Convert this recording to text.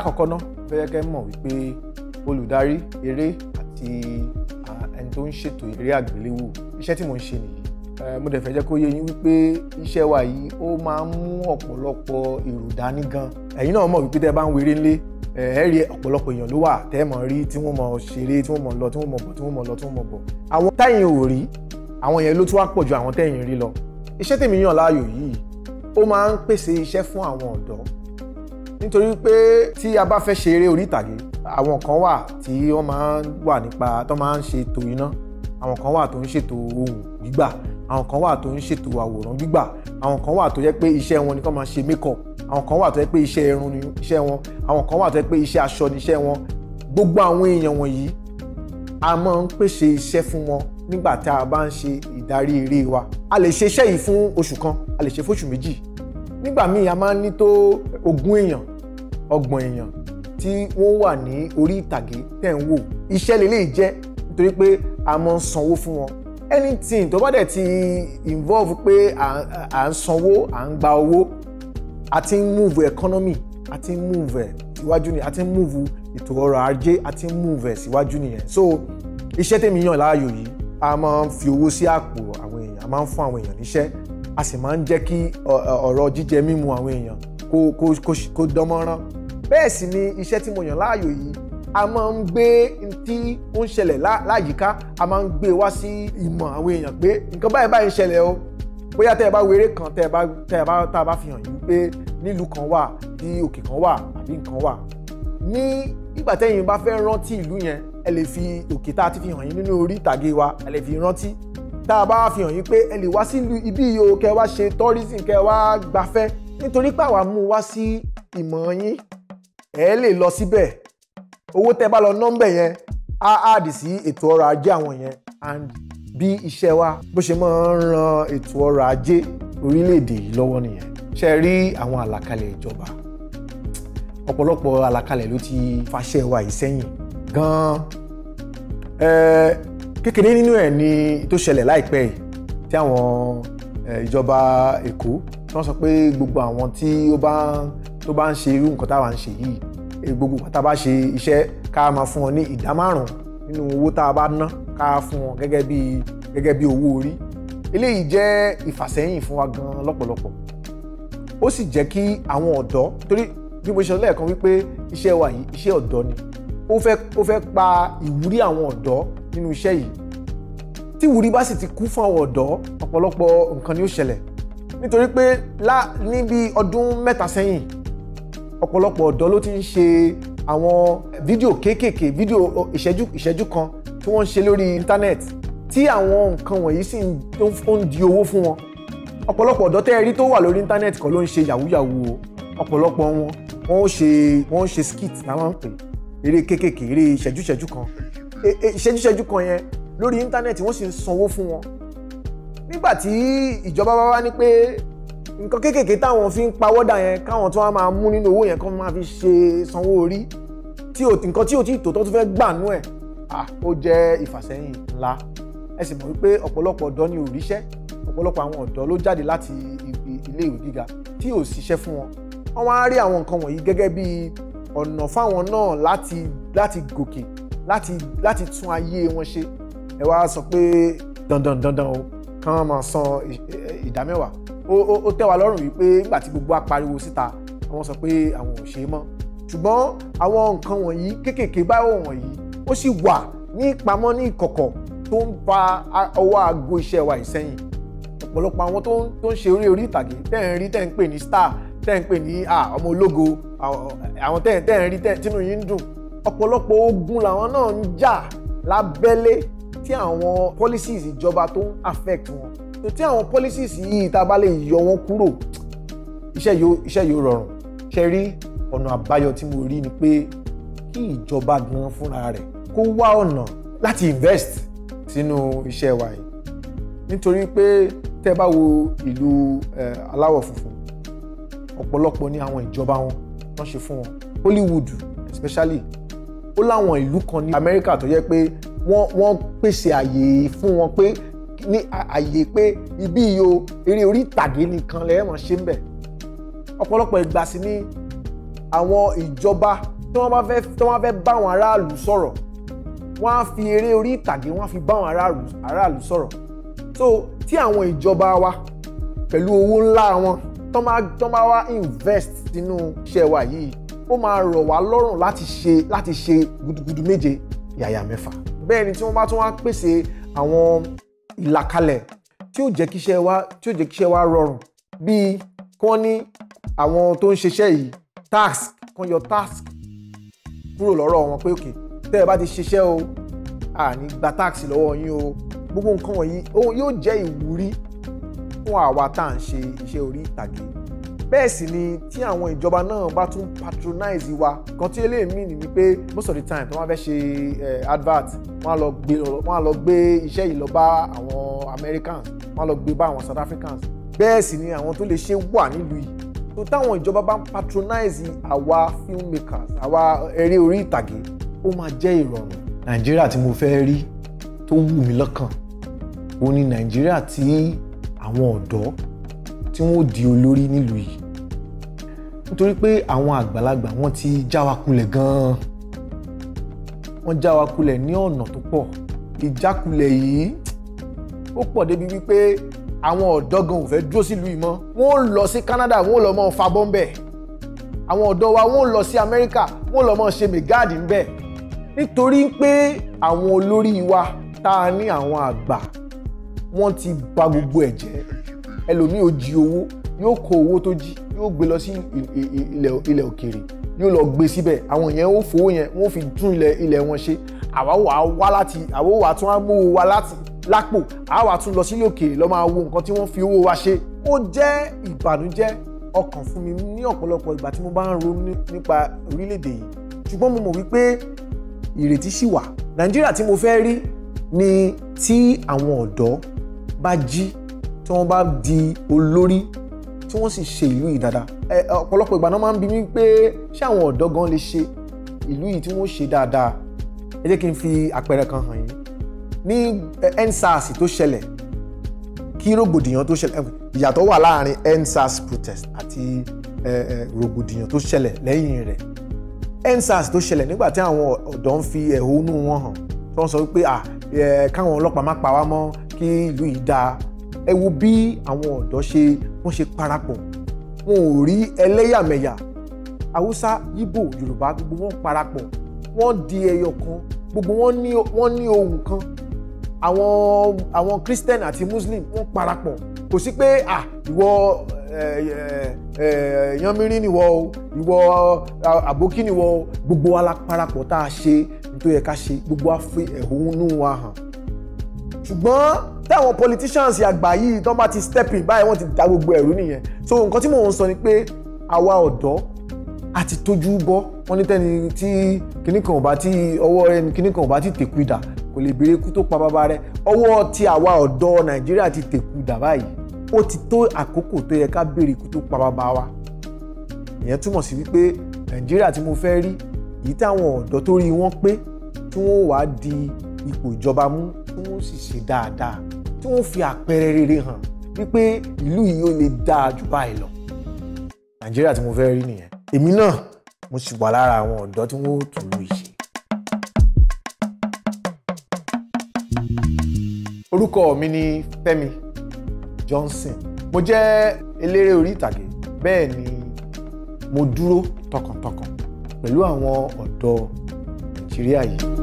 lákọ̀ọ́kọ́ ná fẹ́ẹ́ kẹ́ mọ̀ wípé olùdarí eré àti ẹni tó ń ṣètò eré àgbéléwò iṣẹ́ tí mò ń ṣe nìyí mo dẹ̀ fẹ́ jẹ́ kó yé yín wípé iṣẹ́ wa yìí ó máa ń mú ọ̀pọ̀lọpọ̀ èrò dání gan ẹ̀yin náà mọ̀ wípé tẹ́ bá ń weré ńlé ẹ̀ẹ́rì ọ̀pọ̀lọpọ̀ èèyàn ló wà tẹ́ mọ̀ rí tí wọ́n mọ̀ ṣeré tí wọ́n mọ̀ lọ tí wọ́n mọ̀ bọ̀ tí wọ́n mọ̀ lọ tí wọ́n mọ̀ bọ̀ àwọn táyìn ò rí àwọn yẹn ló tún wá pọ̀ ju àwọn tẹ́yìn rí lọ iṣẹ́ tèmi yàn láàyò yìí ó máa ń pèsè iṣẹ́ fún àwọn ọ̀dọ́ nítorí pé tí a bá fẹ́ ṣe eré orí ìtàgé àwọn kan wà tí wọ́n máa ń wà nípa tó máa ń ṣètò iná àwọn kan wà tó ń ṣètò ohùn gbígbà àwọn kan wà tó ń ṣètò àwòrán gbígbà àwọn kan wà tó jẹ́ pé iṣẹ́ wọn ni kó máa ṣe makeup àwọn kan wà tó jẹ́ pé iṣẹ́ irun ni iṣẹ́ wọn àwọn kan wà tó jẹ́ pé iṣẹ́ aṣọ ni iṣẹ́ wọn gbogbo àwọn èèyàn wọ̀nyí a máa ń pèsè iṣẹ́ fún wọn nígbà tá a bá ń ṣe ìdarí eré wa a lè ṣe iṣẹ́ yìí fún oṣù kan a lè ṣe fóṣù méjì nígbà míì a máa ń ní tó ogún èèyàn ọgbọ̀n èèyàn tí wọ́n wà ní orí ìtàgé tẹ̀ ń wò iṣẹ́ lélẹ́yìí jẹ́ nítorí pé a máa ń sanwó fún wọn anything tó bá dẹ̀ ti involve pé à ń sanwó à ń gba owó a ti ń move economy a ti ń move síwájú nìyẹn a ti ń move ètò ọrọ̀ ajé a ti ń move síwájú nìyẹn so iṣẹ́ tèmi yàn láàyò yìí a máa ń fi owó sí àpò àwọn èèyàn a máa ń fún àwọn èèyàn níṣẹ́ a sì máa ń jẹ́ kí ọ̀rọ̀ jíjẹ mímu àwọn èèyàn kó dánmọ́rán bẹ́ẹ̀ sì ni iṣẹ́ tí mo yàn láàyò yìí a máa ń gbé tí ó ń ṣẹlẹ̀ láyìíká a máa ń gbé wá sí ìmọ̀ àwọn èèyàn pé nǹkan báyìí báyìí ń ṣẹlẹ̀ o bóyá tẹ́ ẹ bá wéré kan tẹ́ ẹ bá tẹ́ ẹ bá tá a bá fi hàn yín pé nílùú kan wà bí òkè kan wà àbí nǹkan wà ní ìgbà tẹ́yìn bá fẹ́ rántí ìlú yẹn ẹ lè fi òkè tá a ti fi hàn yín nínú orí ìtàgé wa ẹ lè fi rántí tá a bá fi hàn yín pé ẹ lè wá sílùú ibí yìí o kẹ́ wá ṣe tourism kẹ́ wá gbafẹ́ nítorí pé àwa mú wá sí ìmọ̀ yín ẹ lè lọ síbẹ̀ owó tẹ́ bá lọ nọ́mbẹ̀ yẹn á àdì sí ètò ọrọ̀ ajé àwọn yẹn and bí iṣẹ́ wa bó ṣe máa ń ran ètò ọrọ̀ ajé orílẹ̀-èdè yìí lọ́wọ́ nìyẹn ṣe rí àwọn àlàkalẹ̀ ìjọba ọ̀pọ̀lọpọ̀ àlàkalẹ̀ ló ti fàṣẹ wa yìí sẹ́yìn gan-an kékeré nínú ẹ̀ ni tó ṣẹlẹ̀ láìpẹ́ yìí tí àwọn ìjọba Èkó tí wọ́n sọ pé gbogbo àwọn tí ó bá ń tó bá ń ṣe irú nǹkan táwa ń ṣe yìí eh, gbogbo nǹkan tá a bá ṣe iṣẹ́ ká máa fún wọn ní ìdá márùn nínú owó tá a bá ná ká fún wọn gẹ́gẹ́ bí gẹ́gẹ́ bí owó orí eléyìí jẹ́ ìfàsẹ́yìn fún wa gan lọ́pọ̀lọpọ̀ ó sì jẹ́ kí àwọn ọ̀dọ́ torí bí mo ṣe lẹ́ẹ̀kan wípé iṣẹ́ wa yìí iṣẹ́ ọ̀dọ́ ni ó fẹ́ ó fẹ́ pa ìwúrí àwọn ọ̀dọ́ nínú iṣẹ́ yìí tí ìwúrí bá sì ti kú fún àwọn ọ̀dọ́ ọ̀pọ̀lọpọ̀ nǹkan ni ó ṣẹlẹ̀ nítorí pé lá ní bí ọdún mẹ́ta sẹ́yìn ọ̀pọ̀lọpọ̀ ọ̀dọ́ ló ti ń ṣe àwọn fídíò kéékèèké fídíò ìṣẹ́jú ìṣẹ́jú kan tí wọ́n ń ṣe lórí íńtánẹ́ẹ̀tì tí àwọn nǹkan wọ̀nyí sì ń di owó fún wọn ọ̀pọ̀lọpọ̀ ọ̀dọ́ tẹ́ ẹ rí tó wà lórí íńtánẹ́ẹ̀tì kan ló ń ṣe yàwúyàwú o ọ̀pọ̀lọpọ̀ wọn wọ́n ṣe wọ́n ṣe skit náà máa ń pè eré kéékèèké eré ìṣẹ́júṣẹ́jú kan e, e, ìṣẹ́júṣẹ́jú kan yẹn lórí íńtánẹ́ẹ̀tì wọ́n sì ń sanwó fún wọn nígbà tí ìjọba bá wá ní pé nǹkan kéékèèké táwọn fi ń pawọ́dà yẹn káwọn tó wá máa mú nínú owó yẹn kó máa fi ṣe sanwó orí tí nǹkan tí o ti tòótọ́ tó fẹ́ gbà nú ẹ̀ ó jẹ́ ìfàsẹ́yìn ńlá ẹ sì mọ̀ wípé ọ̀pọ̀lọpọ̀ ọ̀dọ́ ni ò ríṣẹ́ ọ̀pọ̀lọpọ̀ àwọn ọ̀dọ́ ló jáde láti ilé ìwé gíga tí ò ṣiṣẹ́ fún wọn wọ́n wá rí àwọn nǹkan wọ̀nyí gẹ́gẹ́ bí ọ̀nà fáwọn náà láti láti gòkè láti láti tún ayé wọn ṣe ẹ wá sọ pé dandan dandan o kàn máa san ìdámẹ́wàá ó tẹ́ wa lọ́rùn wípé nígbà tí gbogbo apariwo síta àwọn sọ pé àwọn ò ṣe é mọ́ ṣùgbọ́n àwọn nǹkan wọ̀nyí kéékèèké báwo wọ̀nyí ó sì wà ní ìpamọ́ ní ìkọ̀kọ̀ tó ń ba ọwọ́ aago iṣẹ́ wa ìsẹ́yìn ọ̀pọ̀lọpọ̀ àwọn tó ń ṣe orí orí ìtàgé tẹ́ ń rí tẹ́ ń pè ní star tẹ́ ń pè ní ọmọ ológo àwọn tẹ́ ń rí tínú yín ń dùn ọ̀pọ̀lọpọ̀ ogun làwọn náà ń jà lábẹ́lé tí àwọn policies ìjọba tó ń affect wọn so tí àwọn policies yìí tá a bá lè yọ wọn kúrò iṣẹ́ yóò iṣẹ́ yóò rọrùn ṣe rí ọ̀nà àbáyọ tí mo rí ni pé kí ìjọba gan fúnra rẹ̀ kó wá ọ̀nà láti invest sínú iṣẹ́ wa yìí nítorí pé tẹ́ bá wo ìlú aláwọ̀ funfun ọ̀pọ̀lọpọ̀ ní àwọn ìjọba wọn wọ́n ṣe fún wọn Hollywood especially ó láwọn ìlú kan ní Amẹ́ríkà tó yẹ pé wọ́n pèsè àyè fún wọn pé ní àyè pé ibi yìí o eré orí ìtàgé nìkan lẹ́yìn mọ̀ ṣe ń bẹ̀ ọ̀pọ̀lọpọ̀ ìgbà sí ní àwọn ìjọba tí wọ́n bá fẹ́ tí wọ́n fẹ́ bá aráàlú sọ̀rọ̀ wọ́n á fi eré orí ìtàgé wọ́n á fi bá aráàlú sọ̀rọ̀ so tí àwọn ìjọba wa pẹ̀lú owó ńlá wọn tán bá tán bá wá invest sínú iṣẹ́ wa yìí ó máa rọ̀ wá lọ́rùn láti ṣe láti ṣe gudugudu méje yàyà mẹ́fà bẹ́ẹ̀ ni tí wọ́n bá tún wá pèsè àwọn ìlàkalẹ̀ tí ó jẹ́ kí iṣẹ́ wa tí ó jẹ́ kí iṣẹ́ wa rọrùn bíi kí wọ́n ní àwọn tó ń ṣiṣẹ́ yìí tax kan yọ task kúrò lọ́rọ̀ wọn pé òkè tẹ́ ẹ bá ti ṣiṣẹ́ o àní gba tax lọ́wọ́ yín o gbogbo nǹkan wọ̀nyí yóò jẹ́ ìwúrí fún àwa tá à ń ṣe iṣẹ́ orí ìtàgé bẹ́ẹ̀ sì ni tí àwọn ìjọba náà bá tún patronize wa kan tí eléyìí mí ni wípé most of the time tí wọ́n fẹ́ ṣe eh, advert wọ́n á lọ gbé iṣẹ́ yìí lọ bá àwọn Americans wọ́n á lọ gbé bá àwọn South Africans bẹ́ẹ̀ sì ni àwọn tó lè ṣe wà nílùú yìí tó táwọn ìjọba bá patronize àwa filmmakers àwa eré orí ìtàgé ó máa jẹ́ ìrọ̀rùn. Nàìjíríà tí mo fẹ́ rí tó wù mí lọ́kàn òun ni Nàìjíríà tí àwọn ọ̀dọ́ tí wọ́n ó di olórí nílùú yìí nítorí pé àwọn àgbàlagbà wọ́n ti já wa kulẹ̀ gan-an wọ́n já wa kulẹ̀ ní ọ̀nà tó pọ̀ ìjákulẹ̀ yìí ó pọ̀ débi wípé àwọn ọ̀dọ́ gan ò fẹ́ dúró sílùú yìí mọ́ wọ́n ń lọ sí Canada wọ́n ń lọ mọ́ fa bọ́m̀bẹ̀ àwọn ọ̀dọ́ wa wọ́n ń lọ sí Amẹ́ríkà wọ́n ń lọ mọ́ ṣe mẹ́gáàdì ńbẹ̀ nítorí pé àwọn olórí wa tá a ní àwọn àgbà wọ́n ti bà gbogbo ẹ̀ ẹlòmíì ò jí owó yóò kó owó tó jí yóò gbé lọ sí ilẹ̀ òkèèrè yóò lọ gbé síbẹ̀ àwọn yẹn ó fowó yẹn wọ́n fi tún ilẹ̀ ilẹ̀ wọn ṣe àwa wà á wá láti àwa wà á tún á mú owó wa láti lápò àwa tún lọ sílé òkèèrè lọ́ máa wo nǹkan tí wọ́n fi owó wa ṣe ó jẹ́ ìbànújẹ́ ọkàn fún mi ní ọ̀pọ̀lọpọ̀ ìgbà tí mo bá ń ronú nípa orílẹ̀-èdè yìí ṣùgbọ́n mo mọ̀ wípé ìrètí ṣì wà nàìjíríà tí mo fẹ́ rí ni tí àwọn ọ̀dọ́ bá jí tí wọ́n bá di olórí tí wọ́n sì ṣe ìlú yìí dáadáa ọ̀pọ̀lọpọ̀ ìgbà náà máa ń bi mí pé ṣé àwọn ọ̀dọ́ gan lè ṣe ìlú yìí tí wọ́n ṣe dáadáa ẹ jẹ́ kí n fi àpẹẹrẹ kan hàn yín ní endsars tó ṣẹlẹ̀ kí rògbòdìyàn tó ṣẹlẹ̀ ìyàtọ̀ wà láàrin endsars protest àti rògbòdìyàn tó ṣẹlẹ̀ lẹ́yìn rẹ̀ endsars tó ṣẹlẹ̀ nígbà tí àwọn ọ̀dọ́ ń fi ẹ̀hónú wọn hàn tí wọ́n sọ wípé káwọn ọlọ́pàá má pa wá mọ́ kí ìlú yìí dáa ẹ wo bí àwọn ọ̀dọ́ ṣe wọ́n ṣe parapọ̀ wọn ò rí ẹlẹ́yàmẹ̀yà haúsá yíbò yorùbá gbogbo wọn parapọ̀ wọ́n di ẹyọ kan gbogbo wọn ní wọ́n ní ohun kan àwọn àwọn christian àti muslim wọ́n parapọ̀ kò sí pé ah ìwọ yanmirin niwọ o ìwọ àbókí niwọ o gbogbo wa la parapọ̀ tá a ṣe nítorí ẹ̀ka ṣe gbogbo wa fi ẹ̀hónú wa hàn ṣùgbọ́n táwọn politicians àgbà yìí tó bá ti step in báyìí wọ́n ti da gbogbo ẹ̀rú nìyẹn so nǹkan tí mò ń sọ ni pé àwa ọ̀dọ́ àti tójú bọ́ wọ́n ní tẹ́ni tí kinní kan ò bá tí ọwọ́ ẹni kinní kan ò bá tí tèkú ìdà kò lè béèrè kú tó pa bàbá rẹ̀ ọwọ́ ti àwa ọ̀dọ́ nàìjíríà ti tèkú ìdà báyìí ó ti tó àkókò tó yẹ ká béèrè kú tó pa bàbá wa ìyẹn túmọ̀ sí wípé nàìjíríà tí mo fẹ́ rí èyí táwọn ọ̀dọ́ tó rí wọn pé tí wọ́n wàá di ipò ìjọba mú tí wọ́n sì ṣe dáadáa tí wọ́n fi àpẹẹrẹ rere hàn wípé ìlú yìí ó lè dáa jù báyìí lọ nàìjíríà tí mo fẹ́ rí nìyẹn èmi náà mo sì wà lára àwọn ọ̀dọ́ tí wọ́n tún lù yìí. orúkọ mi ni Fẹ́mi Johnson mo jẹ́ eléré orí ìtàgé bẹ́ẹ̀ ni mo dúró tọkàntọkàn pẹ̀lú àwọn ọ̀dọ́ Nàìjíríà yìí.